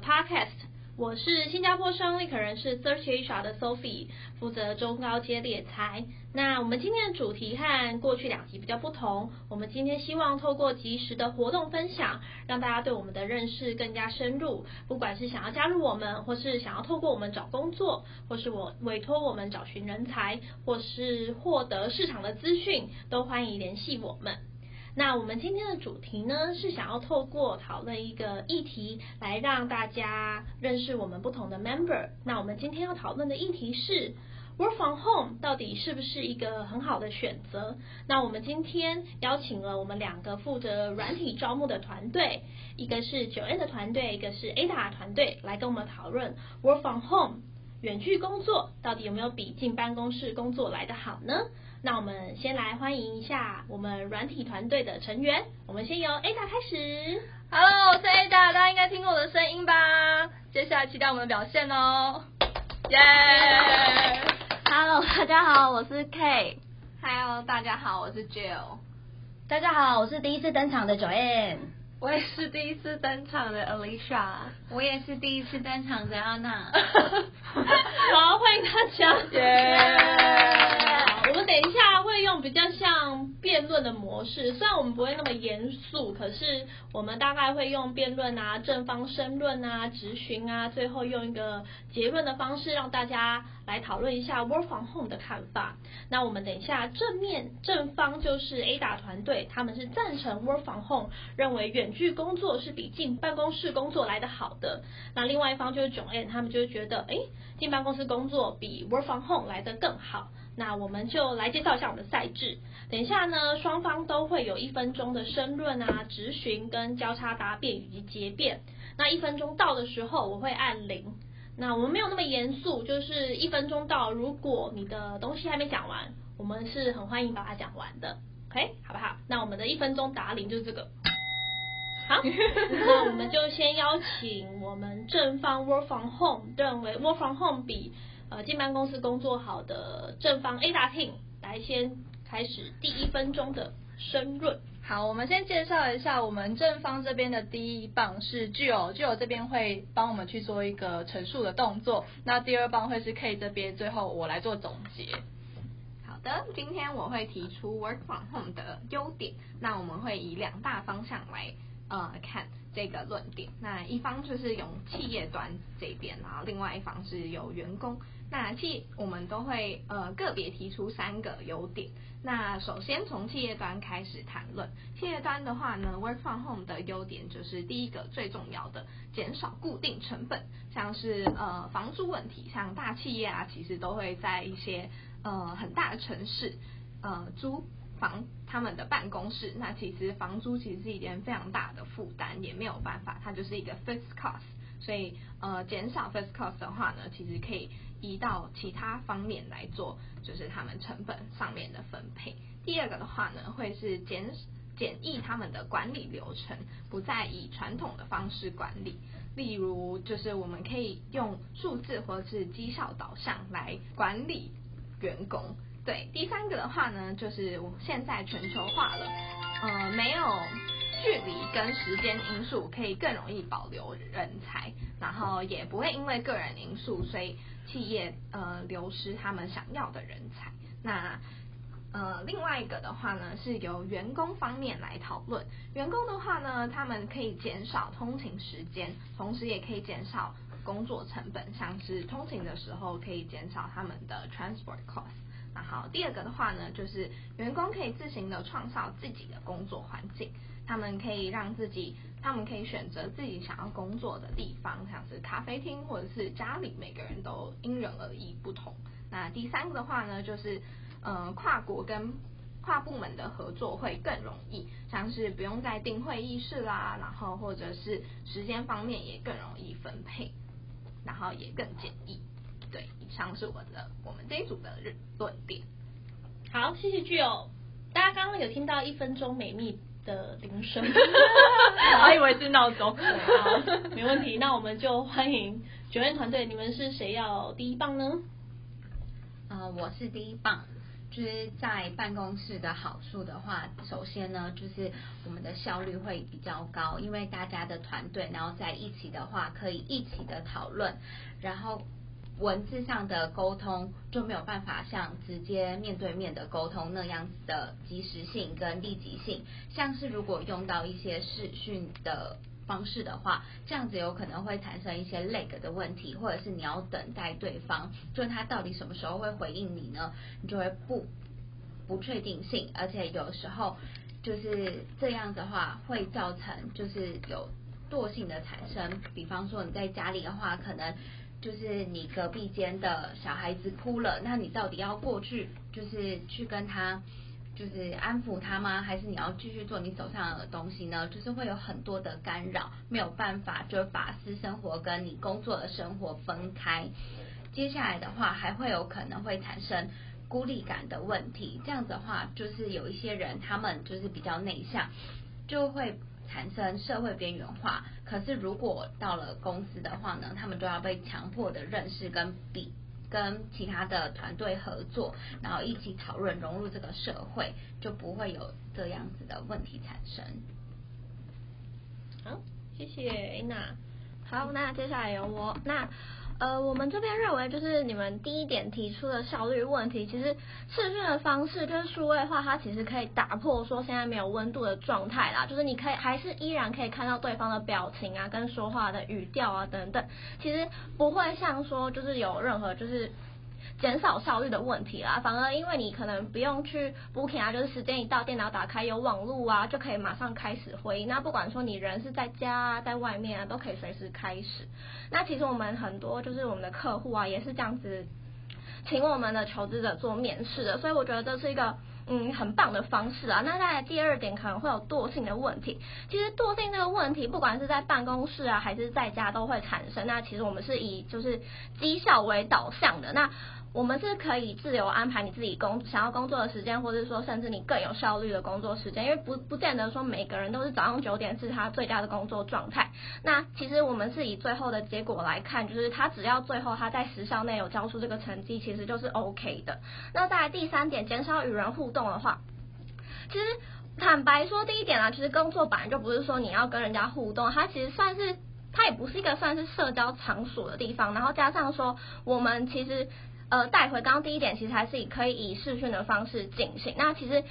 Podcast，我是新加坡商、立可人事、Search Asia 的 Sophie，負責中高階獵才。那我們今天的主題和過去兩集比較不同，我們今天希望透過及時的活動分享，讓大家對我們的認識更加深入。不管是想要加入我們，或是想要透過我們找工作，或是我委托我們找尋人才，或是獲得市場的資訊，都歡迎聯繫我們。那我們今天的主題呢，是想要透過討論一個議題，來讓大家認識我們不同的 member。那我們今天要討論的議題是，work from home 到底是不是一個很好的選擇？那我們今天邀請了我們兩個負責軟體招募的團隊，一個是 Joanne 的團隊，一個是 Ada 團隊，來跟我們討論 work from home，遠距工作到底有沒有比進辦公室工作來得好呢？那我們先來歡迎一下我們軟體團隊的成員，我們先由 Ada 開始。Hello，我是 Ada，大家應該聽過我的聲音吧？接下來期待我們的表現哦。耶、Yeah!！Hello，大家好，我是 K。Hello，大家好，我是 Jill。大家好，我是大家好，我是第一次登場的 Joanne。我也是第一次登場的 Alicia。我也是第一次登場的安娜。好， 歡迎大家。耶！Yeah! Yeah! 等一下會用比較像辯論的模式，雖然我們不會那麼嚴肅，可是我們大概會用辯論啊、正方申論啊、質詢啊，最後用一個結論的方式讓大家來討論一下 work from home 的看法。那我們等一下正面正方就是 Ada 團隊，他們是贊成 work from home，認為遠距工作是比進辦公室工作來得好的。那另外一方就是 Joanne，他們就覺得哎，進辦公室工作比 work from home 來得更好。那我們就來介紹一下我們的賽制。等一下呢，雙方都會有一分鐘的申論啊、質詢跟交叉答辯以及結辯。那一分鐘到的時候，我會按鈴。那我們沒有那麼嚴肅，就是一分鐘到，如果你的東西還沒講完，我們是很歡迎把它講完的。OK，好不好？那我們的一分鐘打鈴就是這個。好、 啊，那我們就先邀請我們正方 “Work from Home” 認為 “Work from Home” 比。呃，金班公司工作好的正方 A t i n g 來先開始第一分鐘的申論。好，我們先介紹一下我們正方這邊的第一棒是 Joe，Joe 這邊會幫我們去做一個陳述的動作。那第二棒會是 K 這邊，最後我來做總結。好的，今天我會提出 work from home 的優點。那我們會以兩大方向來呃看這個論點。那一方就是用企業端這邊，然後另外一方是由員工。那企我們都會呃個別提出三個優點。那首先從企業端開始談論，企業端的話呢，Work from Home 的優點就是第一個最重要的，減少固定成本，像是呃房租問題，像大企業啊，其實都會在一些呃很大的城市呃租房他們的辦公室，那其實房租其實是一點非常大的負擔，也沒有辦法，它就是一個 Fixed Cost，所以呃減少 Fixed Cost 的話呢，其實可以。移到其他方面來做，就是他們成本上面的分配。第二個的話呢，會是簡簡易他們的管理流程，不再以傳統的方式管理。例如，就是我們可以用數字或是績效導向來管理員工。對，第三個的話呢，就是我們現在全球化了，呃，沒有。距離跟時間因素可以更容易保留人才，然後也不會因為個人因素，所以企業，呃，流失他們想要的人才。那，呃，另外一個的話呢，是由員工方面來討論。員工的話呢，他們可以減少通勤時間，同時也可以減少工作成本，像是通勤的時候可以減少他們的 transport cost。然後第二個的話呢，就是員工可以自行的創造自己的工作環境，他們可以讓自己，他們可以選擇自己想要工作的地方，像是咖啡廳或者是家裡，每個人都因人而異不同。那第三個的話呢，就是呃，呃跨國跟跨部門的合作會更容易，像是不用再訂會議室啦，然後或者是時間方面也更容易分配，然後也更簡易。對，以上是我的我們這一組的論論點。好，謝謝 Gio。大家剛剛有聽到一分鐘美密的鈴聲，我還以為是鬧鐘。沒問題，那我們就歡迎九院團隊。你們是誰要第一棒呢？啊、呃，我是第一棒。就是在辦公室的好處的話，首先呢，就是我們的效率會比較高，因為大家的團隊然後在一起的話，可以一起的討論，然後。文字上的溝通就沒有辦法像直接面對面的溝通那樣子的及時性跟立即性，像是如果用到一些視訊的方式的話，這樣子有可能會產生一些 lag 的問題，或者是你要等待對方，就是他到底什麼時候會回應你呢？你就會不不確定性，而且有時候就是這樣的話會造成就是有惰性的產生。比方說你在家裡的話，可能。就是你隔壁間的小孩子哭了，那你到底要過去，就是去跟他，就是安撫他嗎？還是你要繼續做你手上的東西呢？就是會有很多的干擾，沒有辦法就把私生活跟你工作的生活分開。接下來的話，還會有可能會產生孤立感的問題。這樣子的話，就是有一些人他們就是比較內向，就會。產生社會邊緣化。可是，如果到了公司的話呢，他們都要被強迫的認識跟比跟其他的團隊合作，然後一起討論，融入這個社會，就不會有這樣子的問題產生。好，謝謝伊娜。Anna、好，那接下來由我那。呃，我們這邊認為，就是你們第一點提出的效率問題，其實視訊的方式跟數位化，它其實可以打破說現在沒有溫度的狀態啦，就是你可以還是依然可以看到對方的表情啊，跟說話的語調啊等等，其實不會像說就是有任何就是。減少效率的問題啦，反而因為你可能不用去 booking 啊，就是時間一到，電腦打開有網絡啊，就可以馬上開始會議。那不管說你人是在家啊，在外面啊，都可以隨時開始。那其實我們很多就是我們的客戶啊，也是這樣子，請我們的求職者做面試的，所以我覺得這是一個嗯很棒的方式啊。那在第二點可能會有惰性的問題。其實惰性這個問題，不管是在辦公室啊，還是在家都會產生。那其實我們是以就是績效為導向的那。我們是可以自由安排你自己工想要工作的時間，或者說甚至你更有效率的工作時間，因為不不見得說每個人都是早上九點是他最大的工作狀態。那其實我們是以最後的結果來看，就是他只要最後他在時效內有交出這個成績，其實就是 OK 的。那再來第三點，減少與人互動的話，其實坦白說，第一點啊，其實工作本來就不是說你要跟人家互動，它其實算是它也不是一個算是社交場所的地方，然後加上說我們其實。呃，帶回剛剛第一點，其實還是以可以以視訊的方式進行。那其實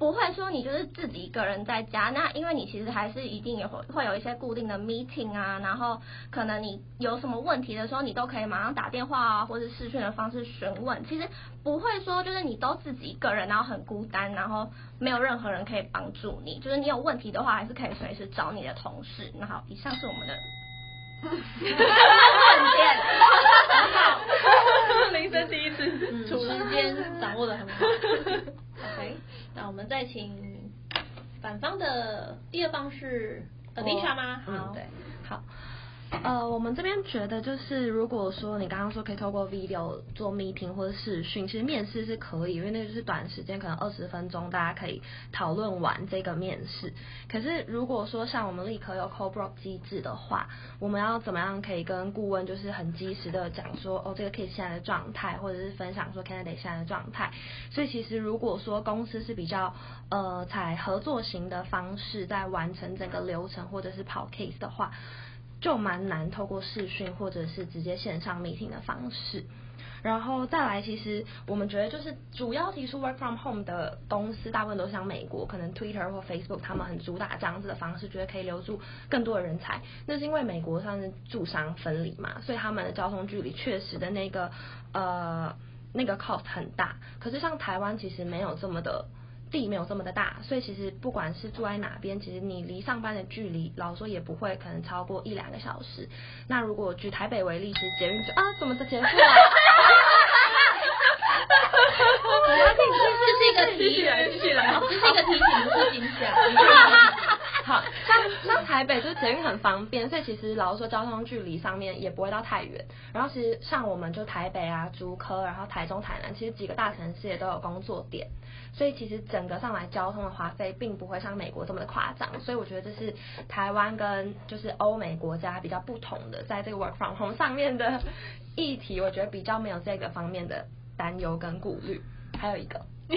不會說你就是自己一個人在家，那因為你其實還是一定也會會有一些固定的 meeting 啊，然後可能你有什麼問題的時候，你都可以馬上打電話啊，或是視訊的方式詢問。其實不會說就是你都自己一個人，然後很孤單，然後沒有任何人可以幫助你。就是你有問題的話，還是可以隨時找你的同事。那好，以上是我們的。第一次，嗯，時間掌握得很好。 OK，那我們再請反方的第二棒是 Adisha 嗎？Oh，好、嗯，對，好。呃，uh, 我們這邊覺得就是，如果說你剛剛說可以透過 video 做 meeting 或者視訊，其實面試是可以，因為那就是短時間，可能二十分鐘，大家可以討論完這個面試。可是如果說像我們立可有 cold call 機制的話，我們要怎麼樣可以跟顧問就是很及時的講說，哦，這個 case 現在的狀態，或者是分享說 candidate 現在的狀態。所以其實如果說公司是比較呃採合作型的方式，在完成整個流程或者是跑 case 的話。就蠻難透過視訊或者是直接線上 meeting 的方式。然後再來，其實我們覺得就是主要提出 work from home 的公司，大部分都像美國，可能 Twitter 或 Facebook 他們很主打這樣子的方式，覺得可以留住更多的人才。那是因為美國算是住商分離嘛，所以他們的交通距離確實的那個呃那個 cost 很大。可是像台灣其實沒有這麼的。地沒有這麼的大，所以其實不管是住在哪邊，其實你離上班的距離，老實說也不會可能超過一兩個小時。那如果舉台北為例，是捷運就啊？怎麼是結束啊？台北就是捷運很方便，所以其實老實說，交通距離上面也不會到太遠。然後其實像我們就台北啊、竹科，然後台中、台南，其實幾個大城市也都有工作點，所以其實整個上來交通的花費並不會像美國這麼的誇張。所以我覺得這是台灣跟就是歐美國家比較不同的，在這個 work from home 上面的議題，我覺得比較沒有這個方面的擔憂跟顧慮。還有一個。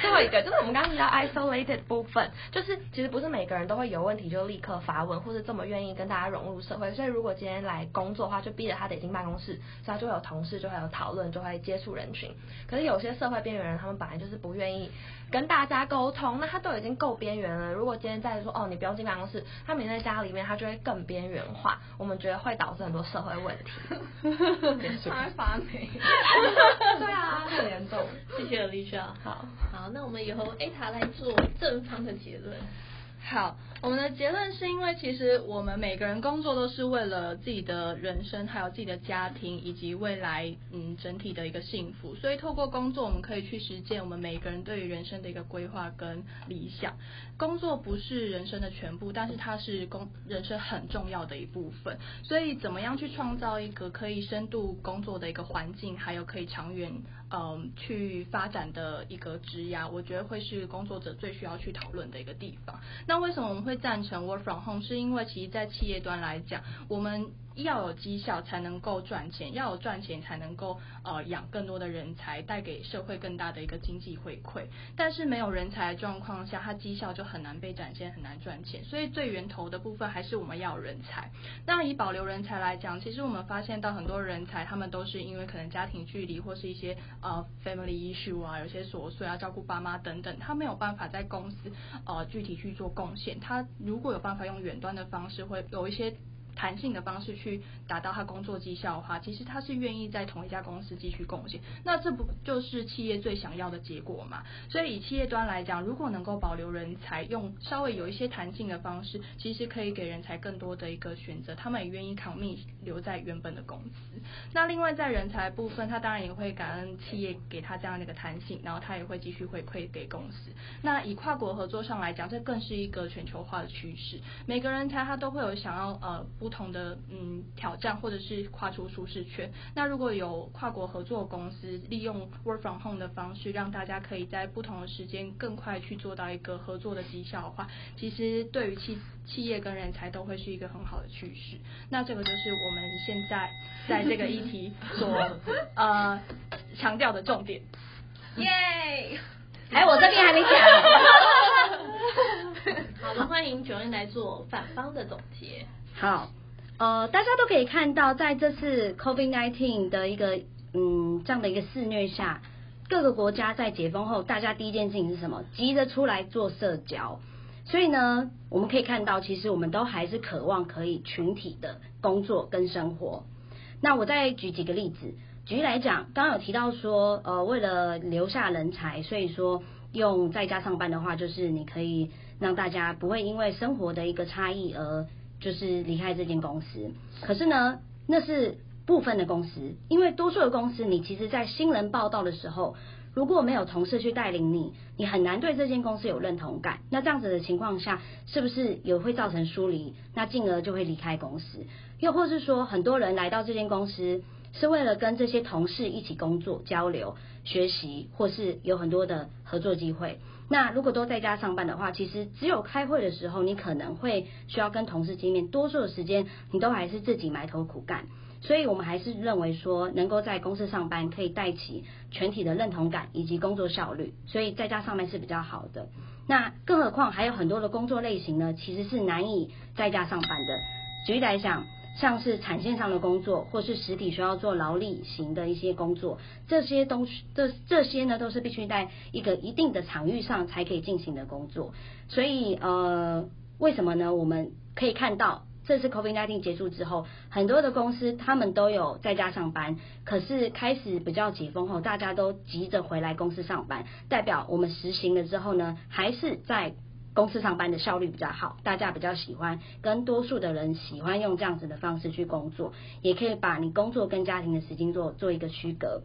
最後一個就是我們剛剛提到 isolated 部分，就是其實不是每個人都會有問題就立刻發問，或是這麼願意跟大家融入社會。所以如果今天來工作的話，就逼得他得進辦公室，所以他就會有同事，就會有討論，就會接觸人群。可是有些社會邊緣人，他們本來就是不願意。跟大家溝通，那他都已經夠邊緣了。如果今天再說哦，你不用進辦公室，他每天在家裡面，他就會更邊緣化。我們覺得會導致很多社會問題， 他還發霉。 對啊，太聯 動。謝謝 Lisa。好，好，那我們以後艾塔來做正方的結論。好，我們的結論是因為其實我們每個人工作都是為了自己的人生，還有自己的家庭以及未來，嗯，整體的一個幸福。所以透過工作，我們可以去實踐我們每個人對於人生的一個規劃跟理想。工作不是人生的全部，但是它是工人生很重要的一部分。所以，怎麼樣去創造一個可以深度工作的一個環境，還有可以長遠。嗯，去發展的一個枝芽，我覺得會是工作者最需要去討論的一個地方。那為什麼我們會贊成 work from home？是因為其實在企業端來講，我們。要有績效才能夠賺錢，要有賺錢才能夠呃養更多的人才，帶給社會更大的一個經濟回饋。但是沒有人才的狀況下，他績效就很難被展現，很難賺錢。所以最源頭的部分還是我們要有人才。那以保留人才來講，其實我們發現到很多人才，他們都是因為可能家庭距離或是一些呃 family issue 啊，有些瑣碎啊，照顧爸媽等等，他沒有辦法在公司呃具體去做貢獻。他如果有辦法用遠端的方式，會有一些。彈性的方式去達到他工作績效的話，其實他是願意在同一家公司繼續貢獻。那這不就是企業最想要的結果嘛？所以以企業端來講，如果能夠保留人才，用稍微有一些彈性的方式，其實可以給人才更多的一個選擇。他們也願意扛命留在原本的公司。那另外在人才部分，他當然也會感恩企業給他這樣的一個彈性，然後他也會繼續回饋給公司。那以跨國合作上來講，這更是一個全球化的趨勢。每個人才他都會有想要呃不同的嗯挑戰，或者是跨出舒適圈。那如果有跨國合作公司利用 work from home 的方式，讓大家可以在不同的時間更快去做到一個合作的績效的話，其實對於企企業跟人才都會是一個很好的趨勢。那這個就是我們現在在這個議題所 呃強調的重點。耶！哎，我這邊還沒講。 好的，歡迎九恩來做反方的總結。好。呃，大家都可以看到，在這次 COVID-19 的一個嗯這樣的一個肆虐下，各個國家在解封後，大家第一件事情是什麼？急着出來做社交。所以呢，我們可以看到，其實我們都還是渴望可以群體的工作跟生活。那我再舉幾個例子，舉例來講，剛剛有提到說，呃，為了留下人才，所以說用在家上班的話，就是你可以讓大家不會因為生活的一個差異而。就是離開這間公司，可是呢，那是部分的公司，因為多數的公司，你其實，在新人報道的時候，如果沒有同事去帶領你，你很難對這間公司有認同感。那這樣子的情況下，是不是也會造成疏離？那進而就會離開公司。又或是說，很多人來到這間公司，是為了跟這些同事一起工作、交流、學習，或是有很多的合作機會。那如果都在家上班的話，其實只有開會的時候你可能會需要跟同事見面，多數的時間你都還是自己埋頭苦幹。所以我們還是認為說，能夠在公司上班可以帶起全體的認同感以及工作效率，所以在家上班是比較好的。那更何況還有很多的工作類型呢，其實是難以在家上班的。舉例來講。像是產線上的工作，或是實體需要做勞力型的一些工作，這些東西，這這些呢，都是必須在一個一定的場域上才可以進行的工作。所以，呃，為什麼呢？我們可以看到，這次 COVID-19 結束之後，很多的公司他們都有在家上班，可是開始比較解封後，大家都急着回來公司上班，代表我們實行了之後呢，還是在公司上班的效率比較好，大家比較喜歡，跟多數的人喜歡用這樣子的方式去工作，也可以把你工作跟家庭的時間做做一個區隔。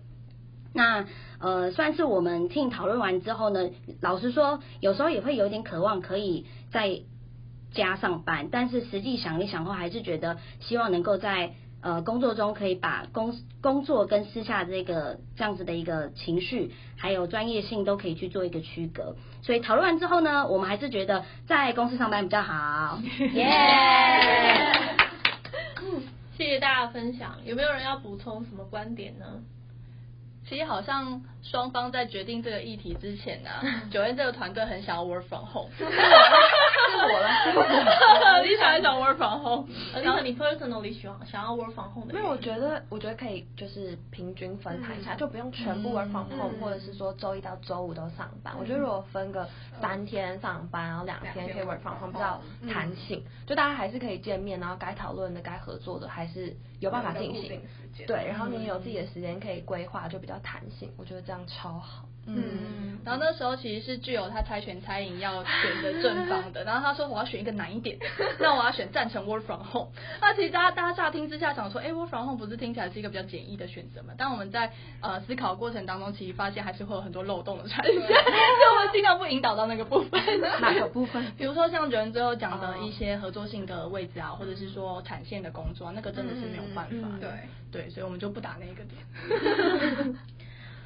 那呃，算是我們聽討論完之後呢，老實說，有時候也會有點渴望，可以在家上班，但是實際想一想後，還是覺得希望能夠在。呃，工作中可以把公工作跟私下這個這樣子的一個情緒，還有專業性都可以去做一個區隔。所以討論完之後呢，我們還是覺得在公司上班比較好。耶、yeah! 嗯，謝謝大家分享。有沒有人要補充什麼觀點呢？其實好像雙方在決定這個議題之前呢，九淵這個團隊很想要 work from home，是我啦，是我了，你想一想 work from home，而且你 personally 喜歡想要 work from home，因為我覺得我覺得可以，就是平均分攤一下，就不用全部 work from home，或者是說週一到週五都上班。我覺得如果分個三天上班，然後兩天可以 work from home，比較彈性，就大家還是可以見面，然後該討論的、該合作的，還是有辦法進行。對，然後你有自己的時間可以規劃，就比較彈性，我覺得這樣超好。嗯，然後那時候其實是具有他猜拳猜贏要選擇正方的，然後他說我要選一個難一點，那我要選贊成 work from home。那其實大家大家乍聽之下想說，哎、欸、，work from home 不是聽起來是一個比較簡易的選擇嗎？但我們在呃思考的過程當中，其實發現還是會有很多漏洞的產生， 所以我們儘量不引導到那個部分。 哪個部分？比如說像有人最後講的一些合作性的位置啊，或者是說產線的工作、啊，那個真的是沒有辦法、嗯。對對，所以我們就不打那一個點。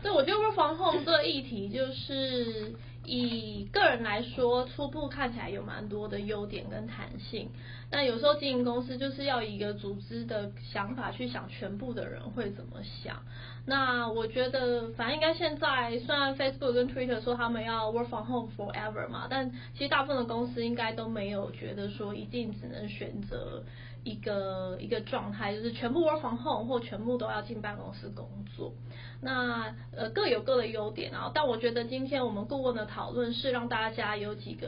對，我覺得 WFH 這個議題，就是以個人來說，初步看起來有蠻多的優點跟彈性。那有時候經營公司就是要以一個組織的想法去想，全部的人會怎麼想。那我覺得，反正應該現在，雖然 Facebook 跟 Twitter 說他們要 work from home forever 嘛，但其實大部分的公司應該都沒有覺得說一定只能選擇一個一個狀態，就是全部 work from home 或全部都要進辦公室工作。那呃各有各的優點啊，但我覺得今天我們顧問的討論是讓大家有幾個。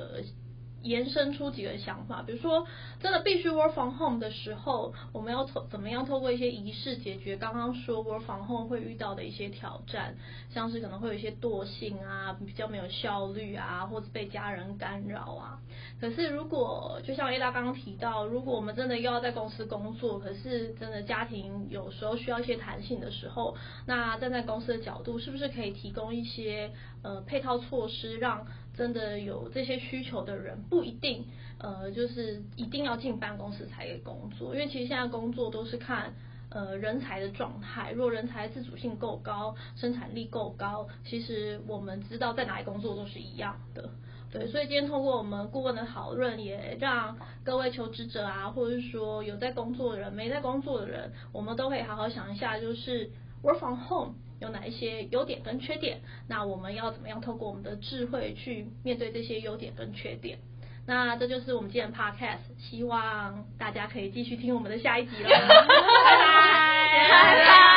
延伸出幾個想法，比如說，真的必須 work from home 的時候，我們要從怎麼樣透過一些儀式解決剛剛說 work from home 會遇到的一些挑戰，像是可能會有一些惰性啊，比較沒有效率啊，或者被家人干擾啊。可是如果，就像 A 大剛剛提到，如果我們真的又要在公司工作，可是真的家庭有時候需要一些彈性的時候，那站在公司的角度，是不是可以提供一些呃配套措施讓？真的有這些需求的人不一定，呃，就是一定要進辦公室才工作。因為其實現在工作都是看，呃，人才的狀態。如果人才自主性夠高，生產力夠高，其實我們知道在哪裡工作都是一樣的。對，所以今天通過我們顧問的討論，也讓各位求職者啊，或者是說有在工作的人、沒在工作的人，我們都可以好好想一下，就是 work from home。有哪一些優點跟缺點？那我們要怎麼樣透過我們的智慧去面對這些優點跟缺點？那這就是我們今天的 podcast，希望大家可以繼續聽我們的下一集了，拜拜。